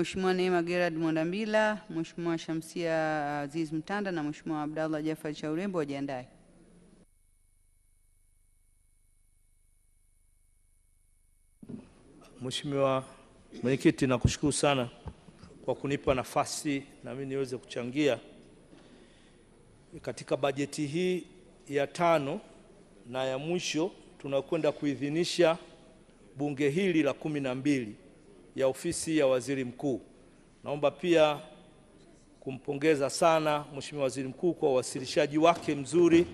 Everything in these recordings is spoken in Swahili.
Mheshimiwa Neema Gerard Mwandambila, Mheshimiwa Shamsia Aziz Mtanda na Mheshimiwa Abdallah Jafar Chaurembo wajiandae. Mheshimiwa Mwenyekiti, nakushukuru sana kwa kunipa nafasi na mimi niweze kuchangia katika bajeti hii ya tano na ya mwisho tunakwenda kuidhinisha bunge hili la kumi na mbili ya ofisi ya waziri mkuu. Naomba pia kumpongeza sana Mheshimiwa Waziri Mkuu kwa uwasilishaji wake mzuri.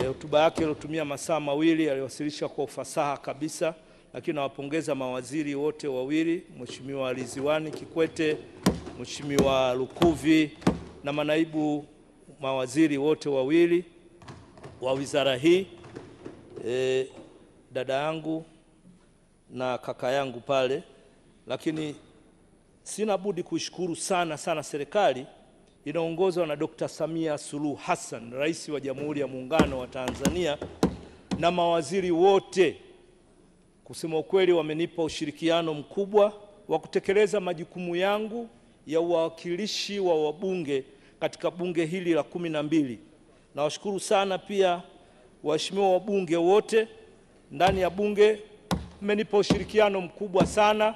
Eh, hotuba e, yake iliyotumia masaa mawili aliwasilisha kwa ufasaha kabisa, lakini nawapongeza mawaziri wote wawili, Mheshimiwa Ridhiwani Kikwete, Mheshimiwa Lukuvi na manaibu mawaziri wote wawili wa wizara hii. E, dada yangu na kaka yangu pale, lakini sina budi kuishukuru sana sana serikali inaongozwa na Dr. Samia Suluhu Hassan, Rais wa Jamhuri ya Muungano wa Tanzania na mawaziri wote, kusema ukweli, wamenipa ushirikiano mkubwa wa kutekeleza majukumu yangu ya uwakilishi wa wabunge katika bunge hili la kumi na mbili. Nawashukuru sana pia waheshimiwa wabunge wote ndani ya bunge mmenipa ushirikiano mkubwa sana,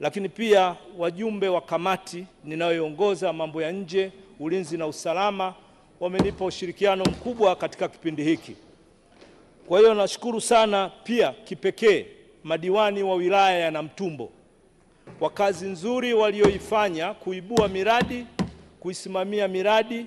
lakini pia wajumbe wa kamati ninayoongoza mambo ya nje, ulinzi na usalama wamenipa ushirikiano mkubwa katika kipindi hiki. Kwa hiyo nashukuru sana pia kipekee madiwani wa wilaya ya Namtumbo kwa kazi nzuri walioifanya kuibua miradi, kuisimamia miradi,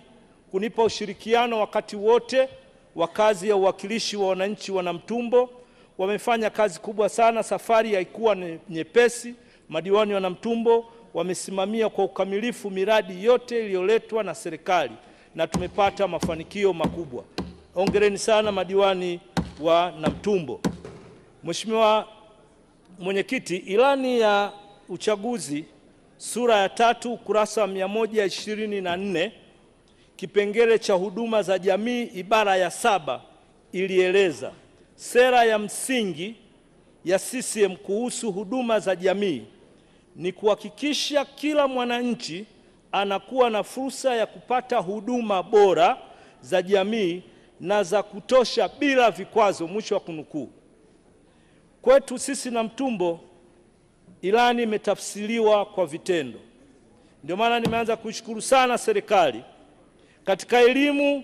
kunipa ushirikiano wakati wote wa kazi ya uwakilishi wa wananchi wa Namtumbo wamefanya kazi kubwa sana. Safari haikuwa nyepesi. Madiwani wa Namtumbo wamesimamia kwa ukamilifu miradi yote iliyoletwa na serikali na tumepata mafanikio makubwa. ongereni sana madiwani wa Namtumbo. Mheshimiwa Mwenyekiti, ilani ya uchaguzi sura ya tatu ukurasa wa 124 kipengele cha huduma za jamii ibara ya saba ilieleza Sera ya msingi ya CCM kuhusu huduma za jamii ni kuhakikisha kila mwananchi anakuwa na fursa ya kupata huduma bora za jamii na za kutosha bila vikwazo, mwisho wa kunukuu. Kwetu sisi Namtumbo, ilani imetafsiriwa kwa vitendo. Ndio maana nimeanza kuishukuru sana serikali katika elimu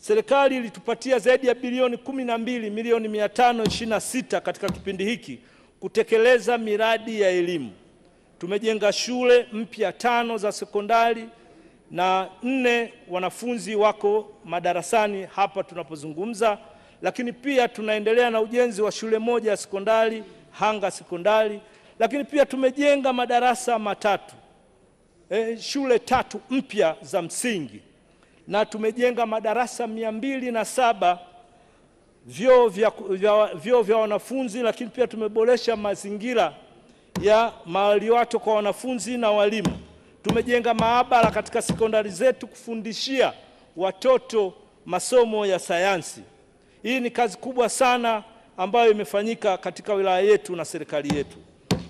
Serikali ilitupatia zaidi ya bilioni kumi na mbili milioni mia tano ishirini na sita katika kipindi hiki kutekeleza miradi ya elimu. Tumejenga shule mpya tano za sekondari na nne wanafunzi wako madarasani hapa tunapozungumza, lakini pia tunaendelea na ujenzi wa shule moja ya sekondari Hanga sekondari, lakini pia tumejenga madarasa matatu, e, shule tatu mpya za msingi na tumejenga madarasa mia mbili na saba vyoo vya, vya, vyo vya wanafunzi, lakini pia tumeboresha mazingira ya maliwato kwa wanafunzi na walimu. Tumejenga maabara katika sekondari zetu kufundishia watoto masomo ya sayansi. Hii ni kazi kubwa sana ambayo imefanyika katika wilaya yetu na serikali yetu.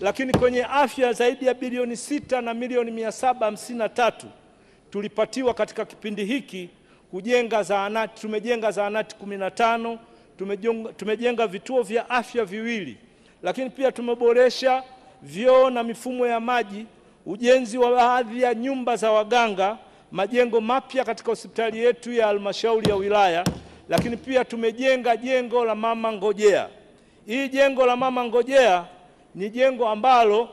Lakini kwenye afya zaidi ya bilioni sita na milioni mia saba hamsini na tatu tulipatiwa katika kipindi hiki kujenga zahanati. Tumejenga zahanati kumi na tano, tumejenga, tumejenga vituo vya afya viwili, lakini pia tumeboresha vyoo na mifumo ya maji, ujenzi wa baadhi ya nyumba za waganga, majengo mapya katika hospitali yetu ya halmashauri ya wilaya, lakini pia tumejenga jengo la mama ngojea. Hii jengo la mama ngojea ni jengo ambalo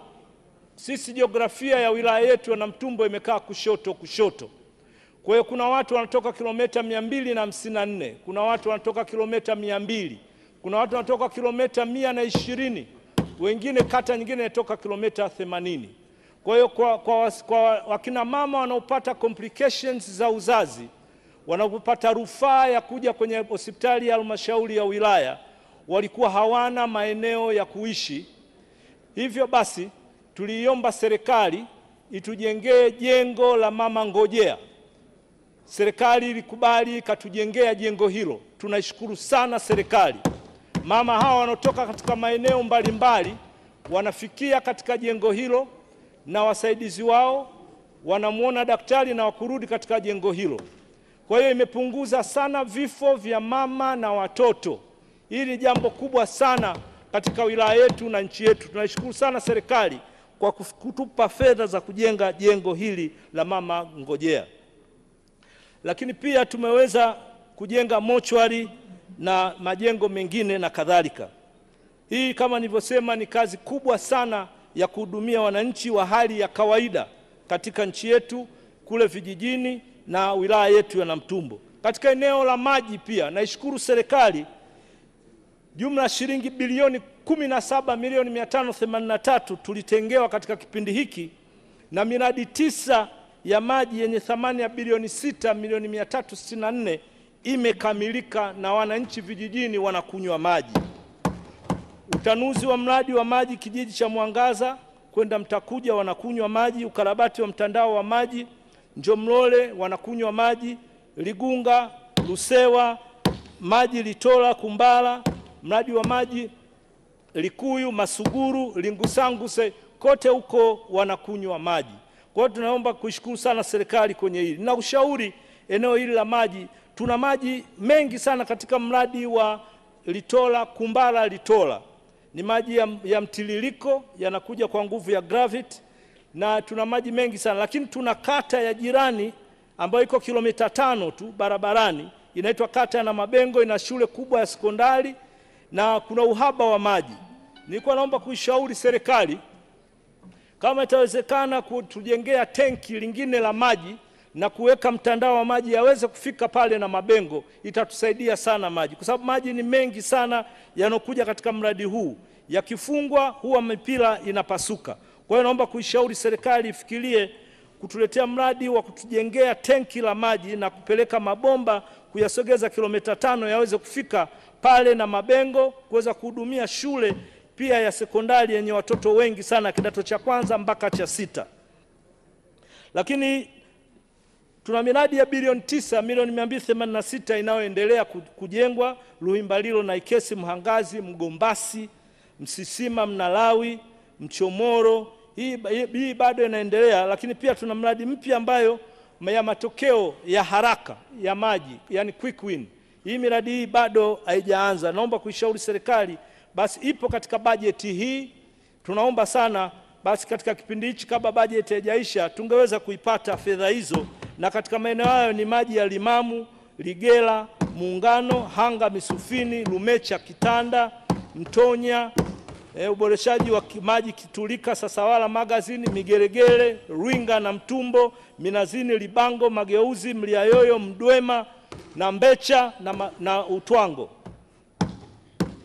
sisi jiografia ya wilaya yetu ya Namtumbo imekaa kushoto kushoto. Kwa hiyo kuna watu wanatoka kilomita mia mbili na hamsini na nne kuna watu wanatoka kilomita mia mbili kuna watu wanatoka kilomita mia na ishirini wengine kata nyingine inatoka kilomita themanini Kwa hiyo kwa, kwa, kwa wakina mama wanaopata complications za uzazi wanapopata rufaa ya kuja kwenye hospitali ya halmashauri ya wilaya walikuwa hawana maeneo ya kuishi, hivyo basi tuliiomba serikali itujengee jengo la mama ngojea. Serikali ilikubali ikatujengea jengo hilo. Tunaishukuru sana serikali. Mama hawa wanaotoka katika maeneo mbalimbali wanafikia katika jengo hilo na wasaidizi wao wanamwona daktari na wakurudi katika jengo hilo. Kwa hiyo imepunguza sana vifo vya mama na watoto. Hili ni jambo kubwa sana katika wilaya yetu na nchi yetu. Tunaishukuru sana serikali kwa kutupa fedha za kujenga jengo hili la mama Ngojea. Lakini pia tumeweza kujenga mochwari na majengo mengine na kadhalika. Hii kama nilivyosema, ni kazi kubwa sana ya kuhudumia wananchi wa hali ya kawaida katika nchi yetu kule vijijini na wilaya yetu ya Namtumbo. Katika eneo la maji pia naishukuru serikali jumla shilingi bilioni 17 milioni 583 tulitengewa katika kipindi hiki na miradi tisa ya maji yenye thamani ya bilioni 6 milioni 364 imekamilika na wananchi vijijini wanakunywa maji. Utanuzi wa mradi wa maji kijiji cha Mwangaza kwenda Mtakuja wanakunywa maji. Ukarabati wa mtandao wa maji Njomlole wanakunywa maji. Ligunga, Lusewa, maji Litola, Kumbala mradi wa maji Likuyu, Masuguru, Lingusanguse, kote huko wanakunywa maji. Kwa hiyo tunaomba kuishukuru sana serikali kwenye hili na ushauri, eneo hili la maji, tuna maji mengi sana katika mradi wa Litola Kumbala. Litola ni maji ya, ya mtiririko yanakuja kwa nguvu ya gravity, na tuna maji mengi sana lakini tuna kata ya jirani ambayo iko kilomita tano tu barabarani inaitwa kata ya Namabengo, ina shule kubwa ya sekondari na kuna uhaba wa maji. Nilikuwa naomba kuishauri serikali kama itawezekana kutujengea tenki lingine la maji na kuweka mtandao wa maji yaweze kufika pale na mabengo, itatusaidia sana maji, kwa sababu maji ni mengi sana yanokuja katika mradi huu. Yakifungwa huwa mipira inapasuka. Kwa hiyo naomba kuishauri serikali ifikirie kutuletea mradi wa kutujengea tenki la maji na kupeleka mabomba kuyasogeza kilomita tano yaweze kufika pale na mabengo kuweza kuhudumia shule pia ya sekondari yenye watoto wengi sana kidato cha kwanza mpaka cha sita. Lakini tuna miradi ya bilioni tisa milioni sita inayoendelea kujengwa Luhimbalilo na Ikesi, Mhangazi, Mgombasi, Msisima, Mnalawi, Mchomoro hii, hii bado inaendelea, lakini pia tuna mradi mpya ambayo ya matokeo ya haraka ya maji, yani quick win. Hii miradi hii bado haijaanza, naomba kuishauri serikali basi, ipo katika bajeti hii, tunaomba sana basi katika kipindi hichi kabla bajeti haijaisha tungeweza kuipata fedha hizo, na katika maeneo hayo ni maji ya Limamu, Ligela, Muungano, Hanga, Misufini, Lumecha, Kitanda, Mtonya e, uboreshaji wa maji Kitulika, Sasawala Magazini, Migeregere, Rwinga na Mtumbo, Minazini, Libango, Mageuzi, Mliayoyo, Mdwema na Mbecha na, na Utwango.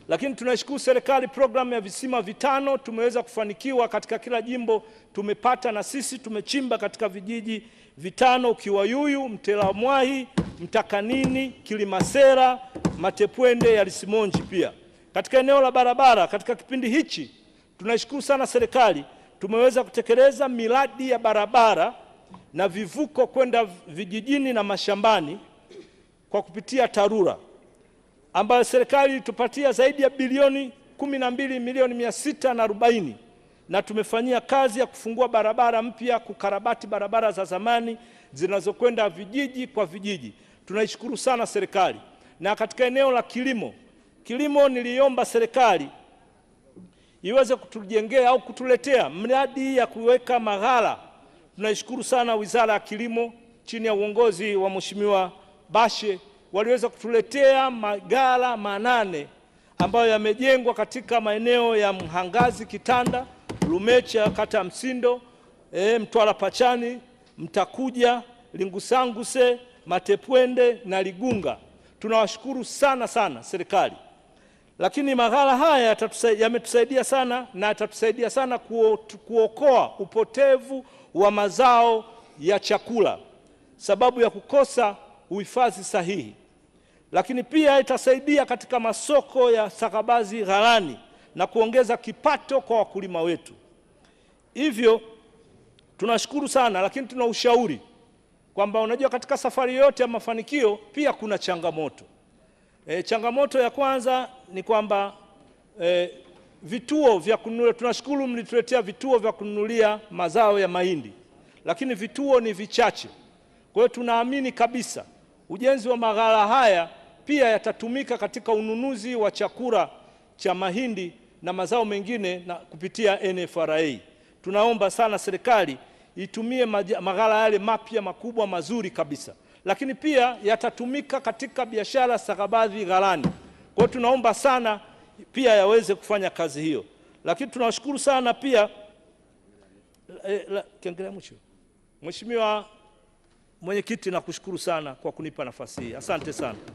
Lakini tunaishukuru serikali, programu ya visima vitano tumeweza kufanikiwa katika kila jimbo, tumepata na sisi tumechimba katika vijiji vitano: Kiwayuyu, Mtelamwahi, Mtakanini, Kilimasera, Matepwende, Yalisimonji pia katika eneo la barabara, katika kipindi hichi tunaishukuru sana serikali, tumeweza kutekeleza miradi ya barabara na vivuko kwenda vijijini na mashambani kwa kupitia TARURA ambayo serikali ilitupatia zaidi ya bilioni kumi na mbili milioni mia sita na arobaini na tumefanyia kazi ya kufungua barabara mpya, kukarabati barabara za zamani zinazokwenda vijiji kwa vijiji. Tunaishukuru sana serikali. Na katika eneo la kilimo Kilimo niliomba serikali iweze kutujengea au kutuletea mradi ya kuweka maghala. Tunaishukuru sana Wizara ya Kilimo chini ya uongozi wa Mheshimiwa Bashe waliweza kutuletea maghala manane ambayo yamejengwa katika maeneo ya Mhangazi, Kitanda, Lumecha, kata ya Msindo, e, Mtwara Pachani, Mtakuja, Lingusanguse, Matepwende na Ligunga. Tunawashukuru sana sana serikali. Lakini maghala haya yametusaidia sana na yatatusaidia sana kuokoa upotevu wa mazao ya chakula sababu ya kukosa uhifadhi sahihi, lakini pia itasaidia katika masoko ya sakabazi ghalani na kuongeza kipato kwa wakulima wetu. Hivyo tunashukuru sana, lakini tuna ushauri kwamba unajua, katika safari yote ya mafanikio pia kuna changamoto. E, changamoto ya kwanza ni kwamba e, vituo vya kununulia, tunashukuru mlituletea vituo vya kununulia mazao ya mahindi, lakini vituo ni vichache. Kwa hiyo tunaamini kabisa ujenzi wa maghala haya pia yatatumika katika ununuzi wa chakula cha mahindi na mazao mengine na kupitia NFRA. Tunaomba sana serikali itumie maghala yale mapya makubwa mazuri kabisa lakini pia yatatumika katika biashara stakabadhi ghalani. Kwa hiyo tunaomba sana pia yaweze kufanya kazi hiyo, lakini tunawashukuru sana pia e, la, kiangalia mwisho. Mheshimiwa Mwenyekiti, nakushukuru sana kwa kunipa nafasi hii, asante sana.